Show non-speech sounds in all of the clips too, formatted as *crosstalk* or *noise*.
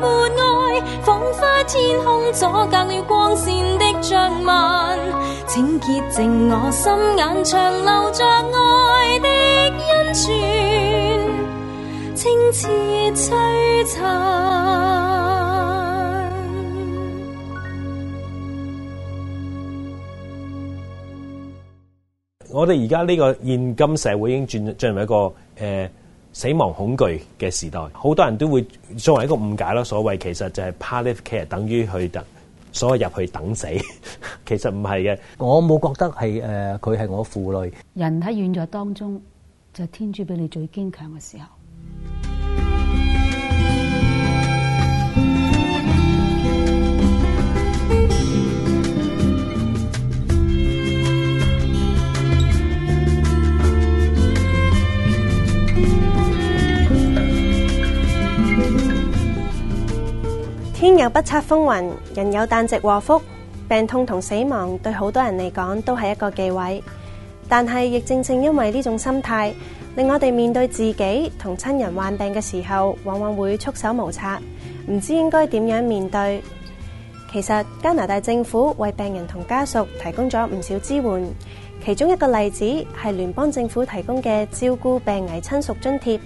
沒愛，仿佛天空阻隔了光線的暢漫，請潔淨我心眼，長流着愛的恩泉，清澈璀璨。我哋而家呢個現今社會已經轉，轉為一個誒。呃死亡恐懼嘅時代，好多人都會作為一個誤解咯。所謂其實就係、是、palliative care，等於去等所謂入去等死，其實唔係嘅。我冇覺得係誒佢係我父女，人喺軟弱當中，就係天主俾你最堅強嘅時候。天有不測風雲，人有旦夕禍福。病痛同死亡對好多人嚟講都係一個忌諱，但係亦正正因為呢種心態，令我哋面對自己同親人患病嘅時候，往往會束手無策，唔知應該點樣面對。其實加拿大政府為病人同家屬提供咗唔少支援，其中一個例子係聯邦政府提供嘅照顧病危親屬津貼。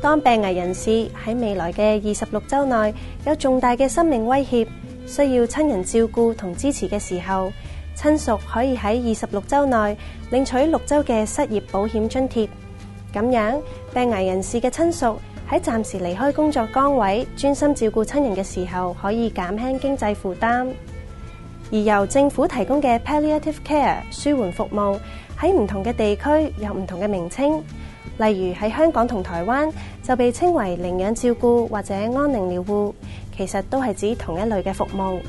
當病危人士喺未來嘅二十六周內有重大嘅生命威脅，需要親人照顧同支持嘅時候，親屬可以喺二十六周內領取六周嘅失業保險津貼。咁樣，病危人士嘅親屬喺暫時離開工作崗位，專心照顧親人嘅時候，可以減輕經濟負擔。而由政府提供嘅 palliative care 舒緩服務，喺唔同嘅地區有唔同嘅名稱。例如喺香港同台灣就被稱為寧養照顧或者安寧療護，其實都係指同一類嘅服務。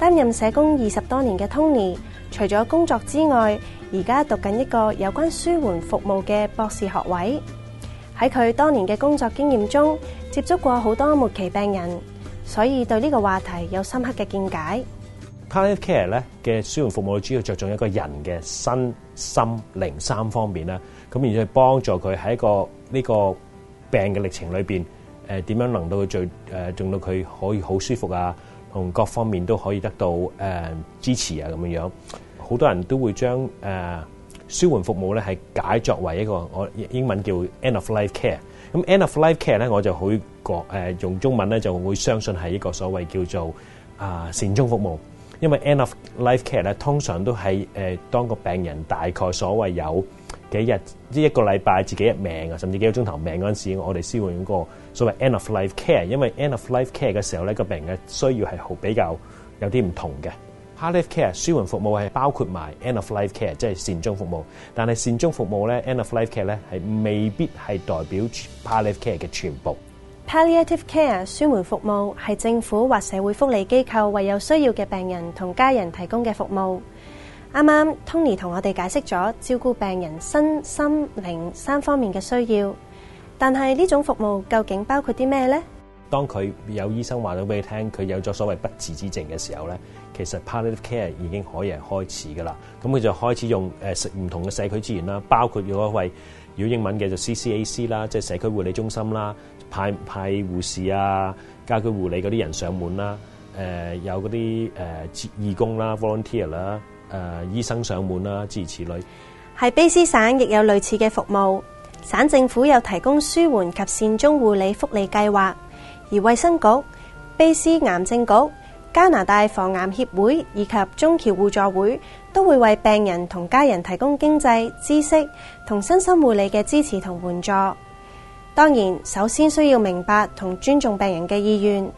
擔任社工二十多年嘅 Tony，除咗工作之外，而家讀緊一個有關舒緩服務嘅博士學位。喺佢多年嘅工作經驗中，接觸過好多末期病人，所以對呢個話題有深刻嘅見解。Life Care 咧嘅舒緩服務主要着重一個人嘅身心靈三方面啦。咁而係幫助佢喺一個呢、這個病嘅歷程裏面，誒、呃、點樣能到佢最令到佢可以好舒服啊，同各方面都可以得到誒、呃、支持啊，咁樣好多人都會將誒、呃、舒緩服務咧係解作為一個我英文叫 end of life care。咁 end of life care 咧，我就好誒、呃、用中文咧就會相信係一個所謂叫做啊、呃、善終服務，因為 end of life care 咧通常都係誒、呃、當個病人大概所謂有。幾日，呢一個禮拜，自己日命啊，甚至幾個鐘頭命嗰陣時，我哋先換個所謂 end of life care。因為 end of life care 嘅時候咧，個病人嘅需要係好比較有啲唔同嘅。palliative care 舒緩服務係包括埋 end of life care，即係善終服務。但係善終服務咧，end of life care 咧係未必係代表 palliative care 嘅全部。palliative care 舒緩服務係政府或社會福利機構為有需要嘅病人同家人提供嘅服務。啱啱 Tony 同我哋解釋咗照顧病人身心靈三方面嘅需要，但係呢種服務究竟包括啲咩咧？當佢有醫生話咗俾你聽，佢有咗所謂不治之症嘅時候咧，其實 palliative care 已經可以開始噶啦。咁佢就開始用誒唔同嘅社區資源啦，包括有一位用英文嘅就是 CCAC 啦，即係社區護理中心啦，派派護士啊、家居護理嗰啲人上門啦，誒有嗰啲誒義工啦、volunteer 啦。誒，醫生上門啦，諸如此類。喺卑詩省亦有類似嘅服務。省政府有提供舒緩及善終護理福利計劃，而衛生局、卑詩癌症局、加拿大防癌協會以及中僑互助會都會為病人同家人提供經濟、知識同身心護理嘅支持同援助。當然，首先需要明白同尊重病人嘅意願。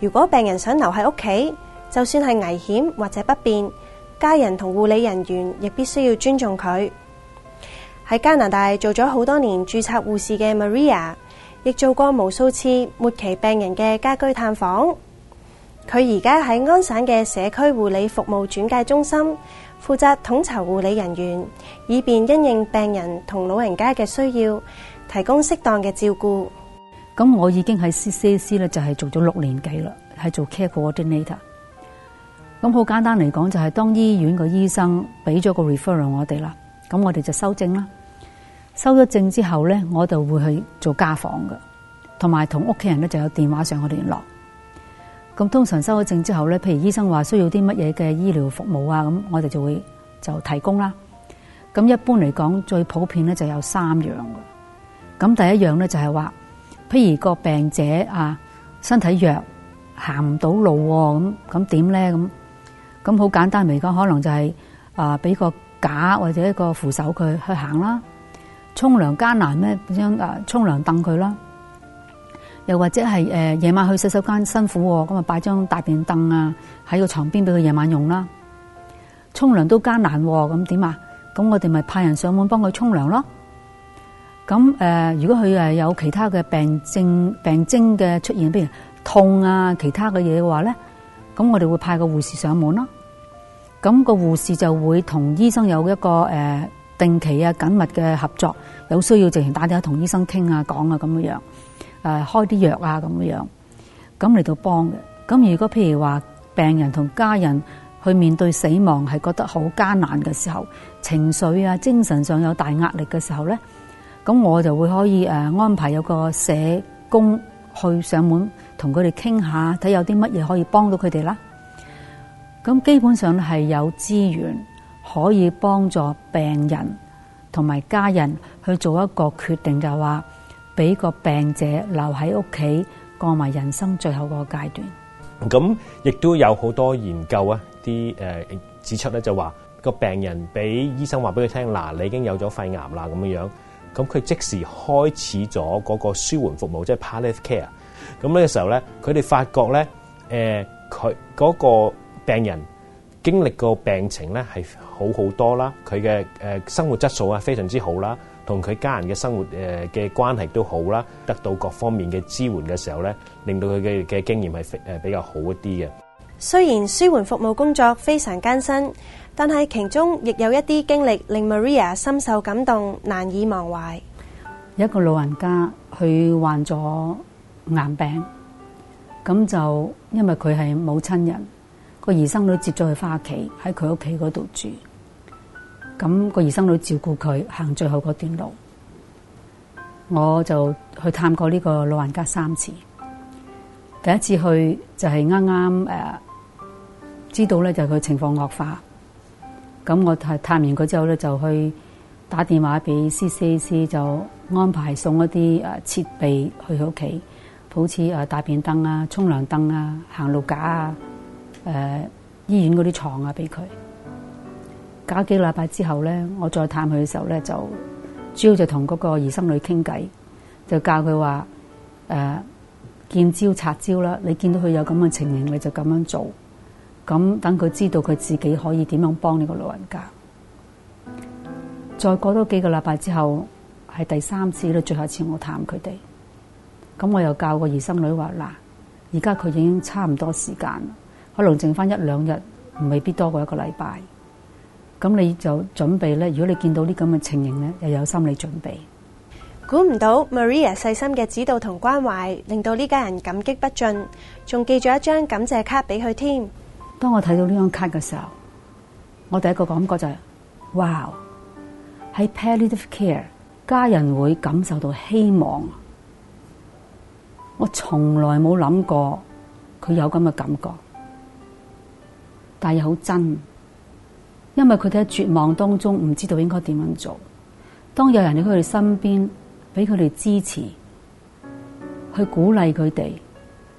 如果病人想留喺屋企，就算係危險或者不便。家人同護理人員亦必須要尊重佢。喺加拿大做咗好多年注冊護士嘅 Maria，亦做過無數次末期病人嘅家居探訪。佢而家喺安省嘅社區護理服務轉介中心，負責統籌護理人員，以便因應病人同老人家嘅需要，提供適當嘅照顧。咁我已經喺 CCC 咧，就係做咗六年幾啦，係做 care coordinator。咁好簡單嚟講，就係當醫院個醫生俾咗個 refer 我哋啦，咁我哋就收證啦。收咗證之後咧，我就會去做家訪嘅，同埋同屋企人咧就有電話上嘅聯絡。咁通常收咗證之後咧，譬如醫生話需要啲乜嘢嘅醫療服務啊，咁我哋就會就提供啦。咁一般嚟講，最普遍咧就有三樣嘅。咁第一樣咧就係話，譬如個病者啊身體弱，行唔到路咁啊，咁點咧咁？咁好簡單嚟講，可能就係、是、啊，俾個架或者一個扶手佢去行啦。沖涼艱難咩？咁啊，沖涼凳佢啦。又或者係、呃、夜晚去洗手間辛苦喎、哦，咁啊擺張大便凳啊喺個床邊俾佢夜晚用啦。沖涼都艱難喎、哦，咁點啊？咁我哋咪派人上門幫佢沖涼咯。咁、呃、如果佢呃有其他嘅病症病徵嘅出現，譬如痛啊，其他嘅嘢嘅話咧？咁我哋會派個護士上門囉、啊。咁、那個護士就會同醫生有一個誒、呃、定期啊緊密嘅合作，有需要直情打電話同醫生傾啊講啊咁樣樣，誒、啊、開啲藥啊咁樣樣，咁嚟到幫嘅。咁如果譬如話病人同家人去面對死亡係覺得好艱難嘅時候，情緒啊精神上有大壓力嘅時候咧，咁我就會可以誒、呃、安排有個社工去上門。同佢哋傾下，睇有啲乜嘢可以幫到佢哋啦。咁基本上係有資源可以幫助病人同埋家人去做一個決定，就話俾個病者留喺屋企過埋人生最後個階段。咁亦都有好多研究啊，啲誒指出咧就話個病人俾醫生話俾佢聽，嗱你已經有咗肺癌啦咁樣樣，咁佢即時開始咗嗰個舒緩服務，即係 palliative care。咁呢個時候咧，佢哋發覺咧，誒佢嗰個病人經歷個病情咧係好好多啦，佢嘅誒生活質素啊非常之好啦，同佢家人嘅生活誒嘅關係都好啦，得到各方面嘅支援嘅時候咧，令到佢嘅嘅經驗係誒比較好一啲嘅。雖然舒緩服務工作非常艱辛，但係其中亦有一啲經歷令 Maria 深受感動，難以忘懷。有一個老人家佢患咗癌病，咁就因為佢係冇親人，個兒生女接咗佢返屋企，喺佢屋企嗰度住，咁、個兒生女照顧佢行最後嗰段路。我就去探過呢個老人家三次，第一次去就係啱啱誒知道咧就佢、是、情況惡化，咁我探探完佢之後咧就去打電話俾 C C C 就安排送一啲誒設備去佢屋企。好似誒大便凳啊、沖涼凳啊、行路架啊、誒、呃、醫院嗰啲床啊，俾佢。搞幾個禮拜之後咧，我再探佢嘅時候咧，就主要就同嗰個兒孫女傾偈，就教佢話誒見招拆招啦。你見到佢有咁嘅情形，你就咁樣做。咁等佢知道佢自己可以點樣幫呢個老人家。再過多幾個禮拜之後，係第三次啦，最後一次我探佢哋。咁我又教個二生女話嗱，而家佢已經差唔多時間，可能剩翻一兩日，未必多過一個禮拜。咁你就準備咧，如果你見到呢咁嘅情形咧，又有心理準備。估唔到 Maria 細心嘅指導同關懷，令到呢家人感激不盡，仲寄咗一張感謝卡俾佢添。當我睇到呢張卡嘅時候，我第一個感覺就係，哇，喺 palliative care，家人會感受到希望。我從來冇諗過佢有咁嘅感覺，但係好真，因為佢哋喺絕望當中唔知道應該點樣做。當有人喺佢哋身邊俾佢哋支持，去鼓勵佢哋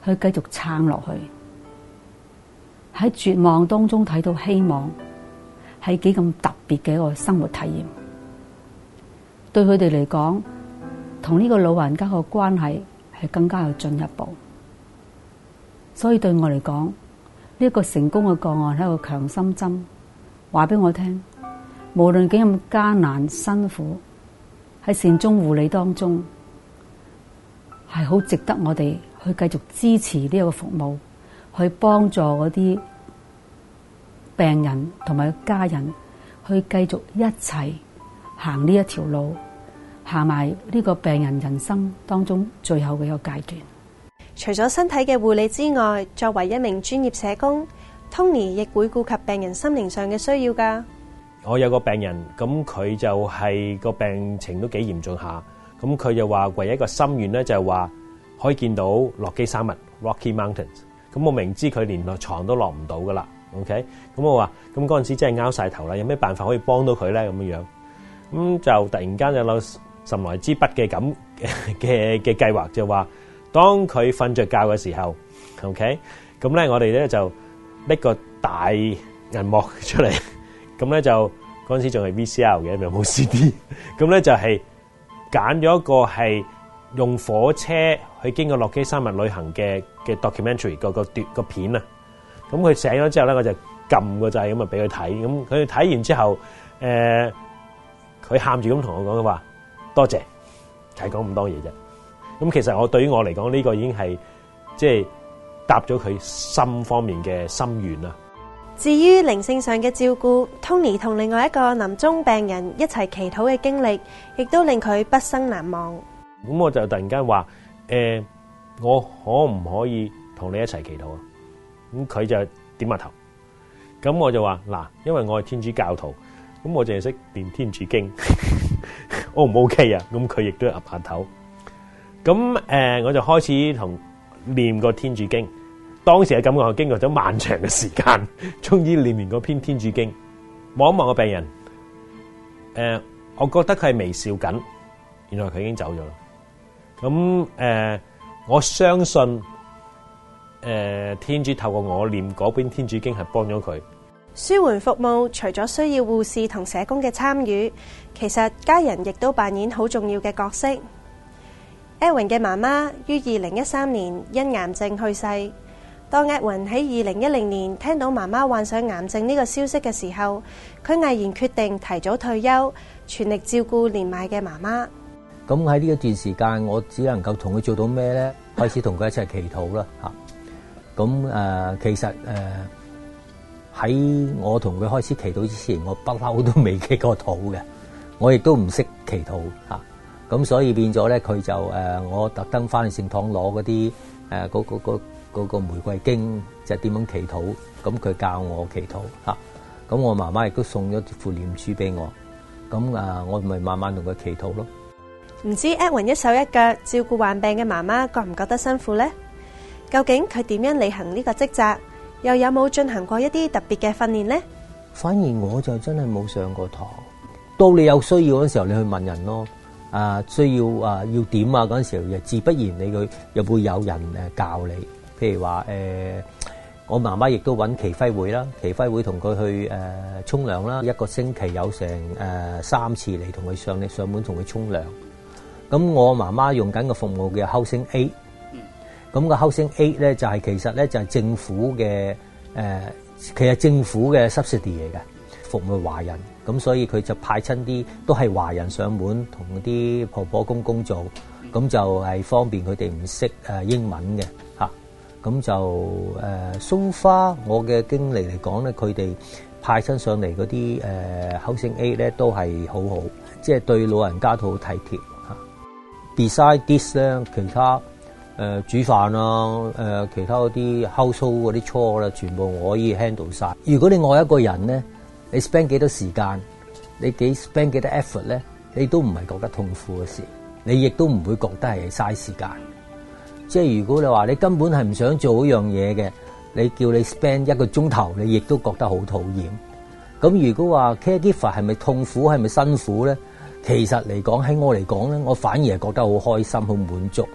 去繼續撐落去，喺絕望當中睇到希望，係幾咁特別嘅一個生活體驗。對佢哋嚟講，同呢個老人家嘅關係，係更加有進一步，所以對我嚟講，呢一個成功嘅個案係個強心針，話俾我聽，無論幾咁艱難辛苦，喺善終護理當中係好值得我哋去繼續支持呢一個服務，去幫助嗰啲病人同埋家人去繼續一齊行呢一條路。行埋呢個病人人生當中最後嘅一個階段。除咗身體嘅護理之外，作為一名專業社工，Tony 亦會顧及病人心靈上嘅需要噶。我有個病人，咁佢就係個病情都幾嚴重下，咁佢就話唯一一個心願咧，就係話可以見到落基山脈 （Rocky Mountains）。咁我明知佢連落床都落唔到噶啦，OK？咁我話，咁嗰陣時真係拗晒頭啦，有咩辦法可以幫到佢咧？咁樣樣，咁就突然間有老。神來之筆嘅咁嘅嘅計劃就話，當佢瞓着覺嘅時候，OK，咁咧我哋咧就拎個大銀幕出嚟，咁 *laughs* 咧就嗰陣時仲係 VCR 嘅，唔係冇 CD，咁 *laughs* 咧就係揀咗一個係用火車去經過洛基山脈旅行嘅嘅 documentary 個個片啊，咁佢醒咗之後咧，我就撳個掣咁啊俾佢睇，咁佢睇完之後，誒、呃，佢喊住咁同我講嘅話。多謝，係講咁多嘢啫。咁其實我對於我嚟講呢個已經係即係答咗佢心方面嘅心願啦。至於靈性上嘅照顧，Tony 同另外一個臨終病人一齊祈禱嘅經歷，亦都令佢畢生難忘。咁我就突然間話誒，我可唔可以同你一齊祈禱啊？咁佢就點下頭，咁我就話嗱，因為我係天主教徒，咁我淨係識念天主經。O 唔 O K 啊？咁佢亦都岌下頭。咁誒，我就開始同念個天主經。當時嘅感覺係經過咗漫長嘅時間，終於念完嗰篇天主經。望一望個病人，誒，我覺得佢係微笑緊。原來佢已經走咗啦。咁誒，我相信誒，天主透過我念嗰篇天主經係幫咗佢。舒緩服務除咗需要護士同社工嘅參與，其實家人亦都扮演好重要嘅角色。ewin 嘅媽媽於二零一三年因癌症去世。當 ewin 喺二零一零年聽到媽媽患上癌症呢個消息嘅時候，佢毅然決定提早退休，全力照顧年邁嘅媽媽。咁喺呢一段時間，我只能夠同佢做到咩呢？ *laughs* 開始同佢一齊祈禱啦吓。咁誒、呃，其實誒。呃喺我同佢開始祈禱之前，我不嬲都未祈過禱嘅，我亦都唔識祈禱嚇，咁所以變咗咧，佢就誒我特登翻去聖堂攞嗰啲誒嗰嗰嗰嗰個玫瑰經，就點樣祈禱，咁佢教我祈禱嚇，咁我媽媽亦都送咗副念珠俾我，咁啊我咪慢慢同佢祈禱咯。唔知阿雲一手一腳照顧患病嘅媽媽，覺唔覺得辛苦咧？究竟佢點樣履行呢個職責？又有冇進行過一啲特別嘅訓練咧？反而我就真係冇上過堂，到你有需要嗰時候，你去問人咯。啊，需要啊，要點啊的，嗰陣時又自不然你，你佢又會有人誒教你。譬如話誒、呃，我媽媽亦都揾耆暉會啦，耆暉會同佢去誒沖涼啦，一個星期有成誒、呃、三次嚟同佢上嚟，上門同佢沖涼。咁我媽媽用緊個服務嘅 Housing A。咁、那個 housekeeping 咧就係、是、其實咧就係、是、政府嘅、呃、其實政府嘅 subsidy 嚟嘅服務華人，咁所以佢就派親啲都係華人上門同啲婆婆公公做，咁就係方便佢哋唔識英文嘅嚇，咁、啊、就、呃 so far 我嘅經歷嚟講咧，佢哋派親上嚟嗰啲、呃、housekeeping 咧都係好好，即、就、係、是、對老人家都好體貼 d Besides 呢，啊、this, 其他。誒、呃，煮飯啦、啊，誒、呃，其他嗰啲 household 嗰啲 chores 啦，全部我可以 handle 晒。如果你愛一個人咧，你 spend 幾多時間，你幾 spend 幾多 effort 咧，你都唔係覺得痛苦嘅事，你亦都唔會覺得係嘥時間。即係如果你話你根本係唔想做一樣嘢嘅，你叫你 spend 一個鐘頭，你亦都覺得好討厭。咁如果話 caregiver 係咪痛苦，係咪辛苦咧？其實嚟講，喺我嚟講咧，我反而係覺得好開心、好滿足。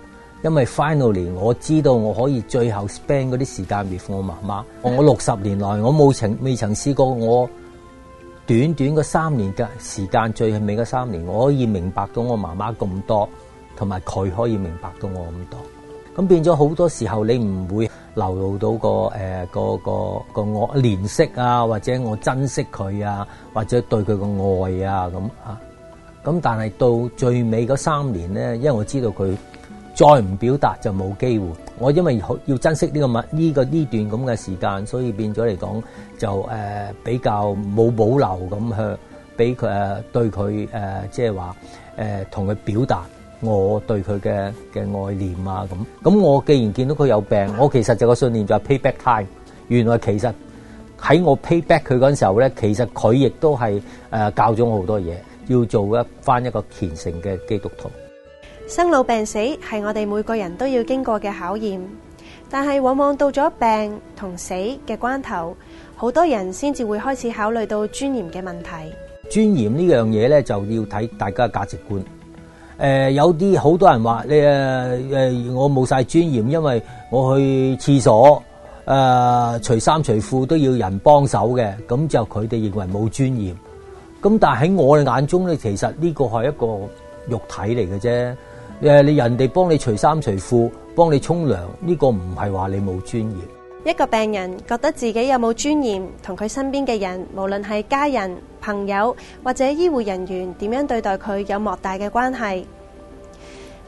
因為 finally 我知道我可以最後 spend 嗰啲時間畀我媽媽，我六十年來我冇曾未曾試過我短短嗰三年嘅時間最尾嗰三年，我可以明白到我媽媽咁多，同埋佢可以明白到我咁多，咁變咗好多時候你唔會流露到、那個誒、呃那個、那個我憐惜啊，或者我珍惜佢啊，或者對佢個愛啊咁，咁但係到最尾嗰三年咧，因為我知道佢。再唔表達就冇機會。我因為要珍惜呢、呢個物呢、呢個呢段咁嘅時間，所以變咗嚟講就、呃、比較冇保留咁去俾佢、呃、對佢即係話同佢表達我對佢嘅嘅愛念啊咁。咁我既然見到佢有病，我其實就個信念就係 pay back time。原來其實喺我 pay back 佢嗰陣時候咧，其實佢亦都係教咗我好多嘢，要做一翻一個虔誠嘅基督徒。生老病死係我哋每個人都要經過嘅考驗，但係往往到咗病同死嘅關頭，好多人先至會開始考慮到尊嚴嘅問題。尊嚴呢樣嘢咧，就要睇大家嘅價值觀。誒、呃，有啲好多人話：你，誒誒、呃，我冇晒尊嚴，因為我去廁所誒、呃、除衫除褲都要人幫手嘅，咁就佢哋認為冇尊嚴。咁但係喺我嘅眼中咧，其實呢個係一個肉體嚟嘅啫。誒，你人哋幫你除衫除褲，幫你沖涼，呢個唔係話你冇尊嚴。一個病人覺得自己有冇尊嚴，同佢身邊嘅人，無論係家人、朋友或者醫護人員點樣對待佢，有莫大嘅關係。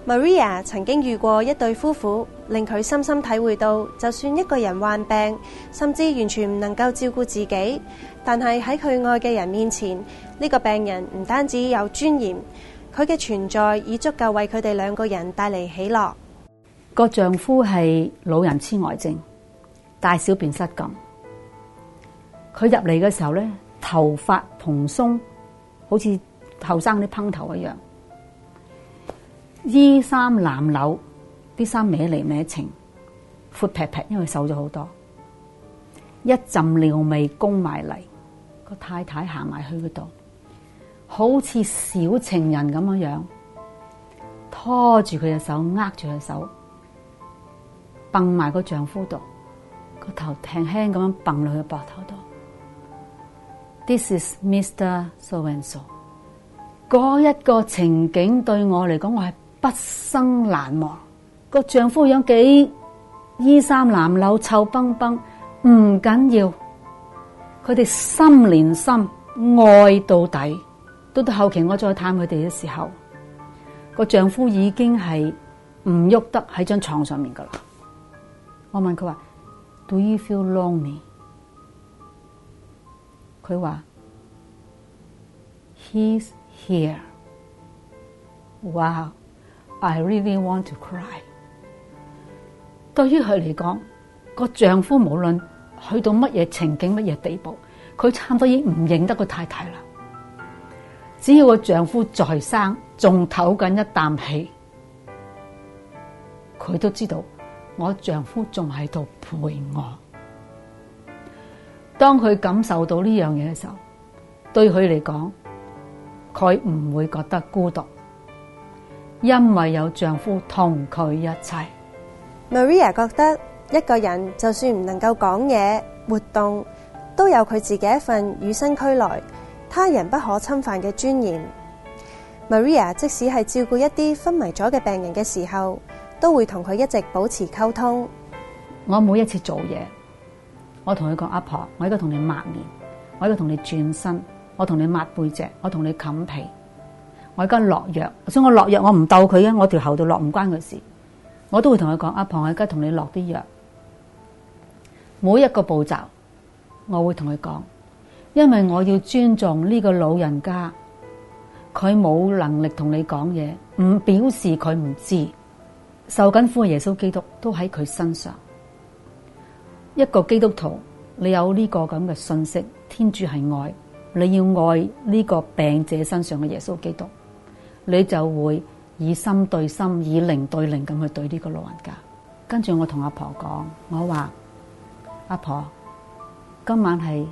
Maria 曾經遇過一對夫婦，令佢深深體會到，就算一個人患病，甚至完全唔能夠照顧自己，但係喺佢愛嘅人面前，呢個病人唔單止有尊嚴。佢嘅存在已足夠為佢哋兩個人帶嚟喜樂。個丈夫係老人痴呆症，大小便失禁。佢入嚟嘅時候咧，頭髮蓬鬆，好似後生啲烹頭一樣。衣衫襤褸，啲衫歪嚟歪情，闊劈劈，因為瘦咗好多。一陣尿味攻埋嚟，個太太行埋去嗰度。好似小情人咁樣樣，拖住佢嘅手，握住佢手，掟埋個丈夫度，個頭輕輕咁樣掟落去膊頭度。This is Mr. So and So。嗰一個情景對我嚟講，我係畢生難忘。個丈夫樣幾衣衫襤褸，臭崩崩，唔緊要，佢哋心連心，愛到底。到到後期，我再探佢哋嘅時候，個丈夫已經係唔喐得喺張床上面噶啦。我問佢話：Do you feel lonely？佢話：He's here。Wow, I really want to cry。對於佢嚟講，個丈夫無論去到乜嘢情景、乜嘢地步，佢差唔多已經唔認得個太太啦。只要我丈夫在生，仲唞緊一啖氣，佢都知道我丈夫仲喺度陪我。當佢感受到呢樣嘢嘅時候，對佢嚟講，佢唔會覺得孤獨，因為有丈夫同佢一齊。Maria 覺得一個人就算唔能夠講嘢、活動，都有佢自己一份與生俱來，他人不可侵犯嘅尊嚴。Maria 即使係照顧一啲昏迷咗嘅病人嘅時候，都會同佢一直保持溝通。我每一次做嘢，我同佢講阿婆，我喺度同你抹面，我喺度同你轉身，我同你抹背脊，我同你冚被，我而家落藥。所以我落藥，我落藥我唔斗佢啊！我條喉度落唔關佢事，我都會同佢講阿婆，我而家同你落啲藥。每一個步驟，我會同佢講。因為我要尊重呢個老人家，佢冇能力同你講嘢，唔表示佢唔知受緊苦嘅，耶穌基督都喺佢身上。一個基督徒，你有呢個咁嘅信息，天主係愛，你要愛呢個病者身上嘅耶穌基督，你就會以心對心，以靈對靈咁去對呢個老人家。跟住我同阿婆講，我話阿婆今晚係。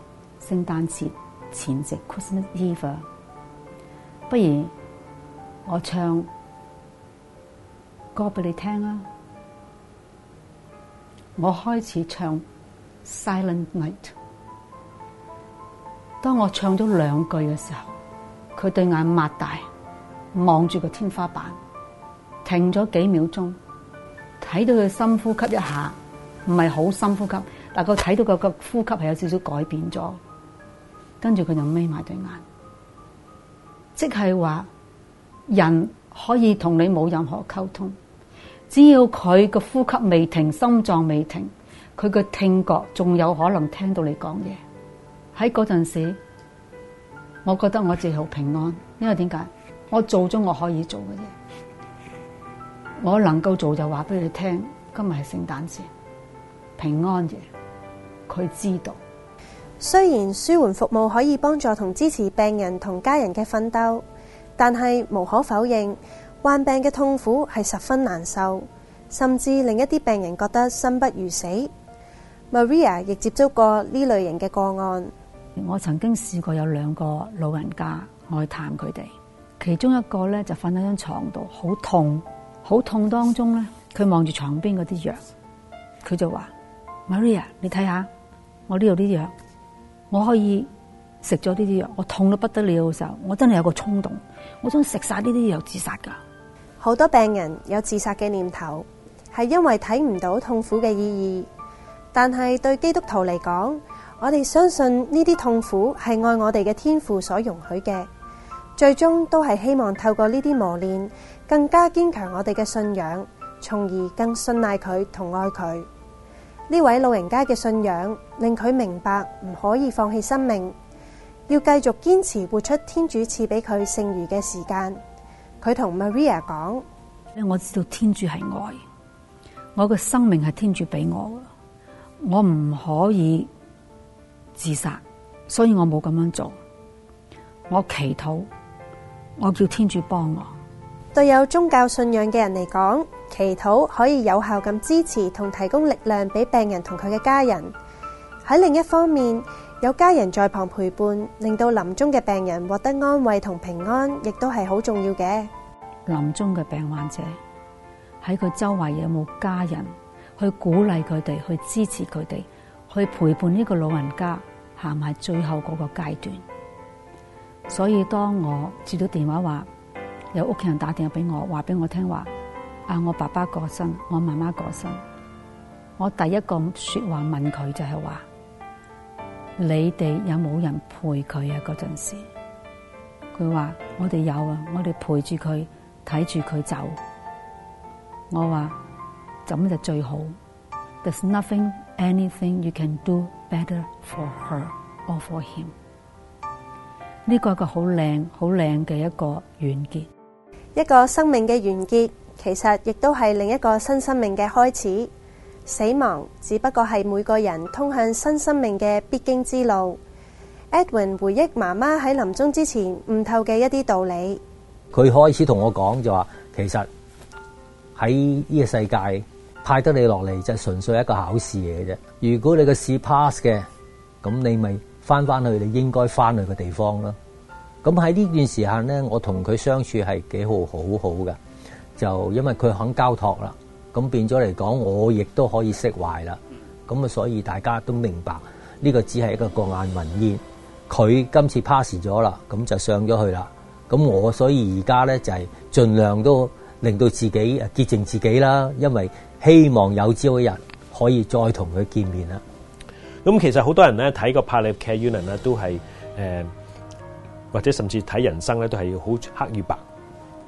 聖誕節前夕，Christmas Eve。不如我唱歌俾你聽啊！我開始唱《Silent Night》。當我唱咗兩句嘅時候，佢對眼擘大，望住個天花板，停咗幾秒鐘，睇到佢深呼吸一下，唔係好深呼吸，但佢睇到佢個呼吸係有少少改變咗。跟住佢就眯埋對眼，即係話人可以同你冇任何溝通，只要佢個呼吸未停，心臟未停，佢嘅聽覺仲有可能聽到你講嘢。喺嗰陣時，我覺得我最好平安，因為點解？我做咗我可以做嘅嘢，我能夠做就話俾你聽。今日係聖誕節，平安夜，佢知道。雖然舒緩服務可以幫助同支持病人同家人嘅奮鬥，但係無可否認，患病嘅痛苦係十分難受，甚至令一啲病人覺得生不如死。Maria 亦接觸過呢類型嘅個案，我曾經試過有兩個老人家，我去探佢哋，其中一個咧就瞓喺張床度，好痛，好痛當中咧，佢望住床邊嗰啲藥，佢就話：Maria，你睇下，我呢度啲藥。我可以食咗呢啲藥，我痛到不得了嘅時候，我真係有個衝動，我想食晒呢啲藥自殺噶。好多病人有自殺嘅念頭，係因為睇唔到痛苦嘅意義，但係對基督徒嚟講，我哋相信呢啲痛苦係愛我哋嘅天父所容許嘅，最終都係希望透過呢啲磨練，更加堅強我哋嘅信仰，從而更信賴佢同愛佢。呢位老人家嘅信仰令佢明白唔可以放棄生命，要繼續堅持活出天主賜俾佢剩餘嘅時間。佢同 Maria 講：我知道天主係愛，我嘅生命係天主俾我嘅，我唔可以自殺，所以我冇咁樣做。我祈禱，我叫天主幫我。對有宗教信仰嘅人嚟講，祈禱可以有效咁支持同提供力量俾病人同佢嘅家人。喺另一方面，有家人在旁陪伴，令到臨終嘅病人獲得安慰同平安，亦都係好重要嘅。臨終嘅病患者喺佢周圍有冇家人去鼓勵佢哋，去支持佢哋，去陪伴呢個老人家行埋最後嗰個階段。所以當我接到電話，話有屋企人打電話俾我，話俾我聽話。啊！我爸爸過身，我媽媽過身，我第一個說話問佢就係話：你哋有冇人陪佢啊？嗰陣時，佢話我哋有啊，我哋陪住佢睇住佢走。我話咁就最好。There's nothing anything you can do better for her or for him。呢個係一個好靚好靚嘅一個完結，一個生命嘅完結。其實亦都係另一個新生命嘅開始，死亡只不過係每個人通向新生命嘅必經之路。Edwin 回憶媽媽喺臨終之前悟透嘅一啲道理，佢開始同我講就話，其實喺呢個世界派得你落嚟就純粹係一個考試嘅啫。如果你個試 pass 嘅，咁你咪返返去你應該返去嘅地方咯。咁喺呢段時間呢，我同佢相處係幾好，好好㗎。好就因為佢肯交託啦，咁變咗嚟講，我亦都可以釋懷啦。咁啊，所以大家都明白呢、這個只係一個過眼雲煙，佢今次 pass 咗啦，咁就上咗去啦。咁我所以而家咧就係、是、盡量都令到自己啊潔淨自己啦，因為希望有朝一日可以再同佢見面啦。咁其實好多人咧睇個帕累劇理論咧，都係誒、呃，或者甚至睇人生咧，都係要好黑與白。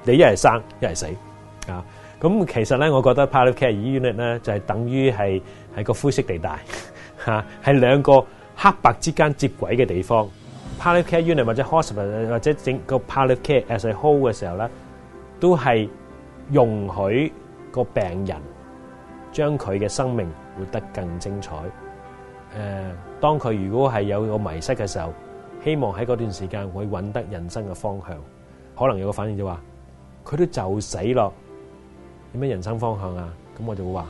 你一係生，一係死。咁、嗯、其實咧，我覺得 palliative care unit 咧就係等於係係個灰色地帶嚇，係、嗯、兩個黑白之間接軌嘅地方。palliative care unit 或者 hospital 或者整個 palliative care as a whole 嘅時候咧，都係容許個病人將佢嘅生命活得更精彩。誒、呃，當佢如果係有個迷失嘅時候，希望喺嗰段時間會揾得人生嘅方向。可能有個反應就話：佢都就死咯。點咩人生方向啊？咁我就會話，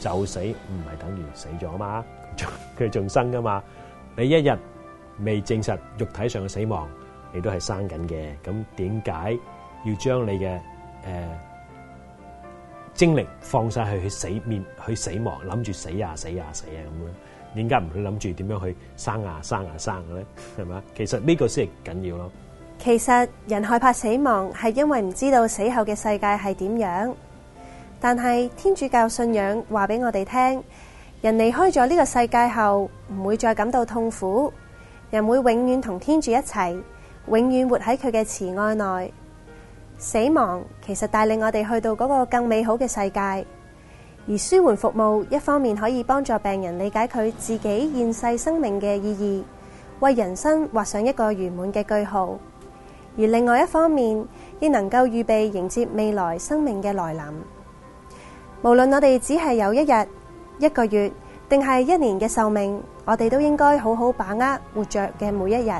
就死唔係等於死咗啊嘛，佢仲生噶嘛。你一日未證實肉體上嘅死亡，你都係生緊嘅。咁點解要將你嘅誒精力放晒去去死面去死亡，諗住死啊死啊死啊咁樣？你點解唔去諗住點樣去生啊生啊生嘅咧？係咪？其實呢個先係緊要咯。其實人害怕死亡，係因為唔知道死後嘅世界係點樣。但係天主教信仰話俾我哋聽，人離開咗呢個世界後，唔會再感到痛苦，人會永遠同天主一齊，永遠活喺佢嘅慈愛內。死亡其實帶領我哋去到嗰個更美好嘅世界。而舒緩服務一方面可以幫助病人理解佢自己現世生命嘅意義，為人生畫上一個圓滿嘅句號；而另外一方面亦能夠預備迎接未來生命嘅來臨。無論我哋只係有一日、一個月，定係一年嘅壽命，我哋都應該好好把握活着嘅每一日，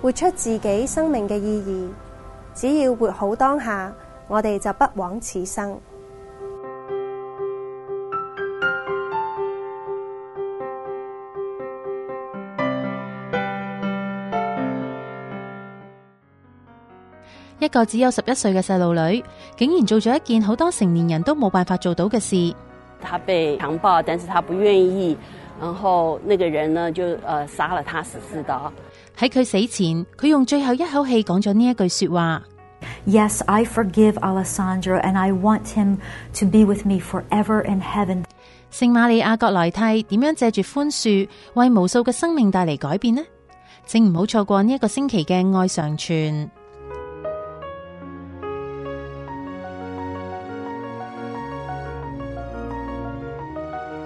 活出自己生命嘅意義。只要活好當下，我哋就不枉此生。一個只有十一歲嘅細路女，竟然做咗一件好多成年人都冇辦法做到嘅事。他被強暴，但是他不願意。然後那個人呢就，呃，殺了他死士的。喺佢死前，佢用最後一口氣講咗呢一句說話：Yes, I forgive Alessandro, and I want him to be with me forever in heaven。聖瑪利亞葛萊蒂點樣借住寬恕，為無數嘅生命帶嚟改變呢？請唔好錯過呢一個星期嘅愛常傳。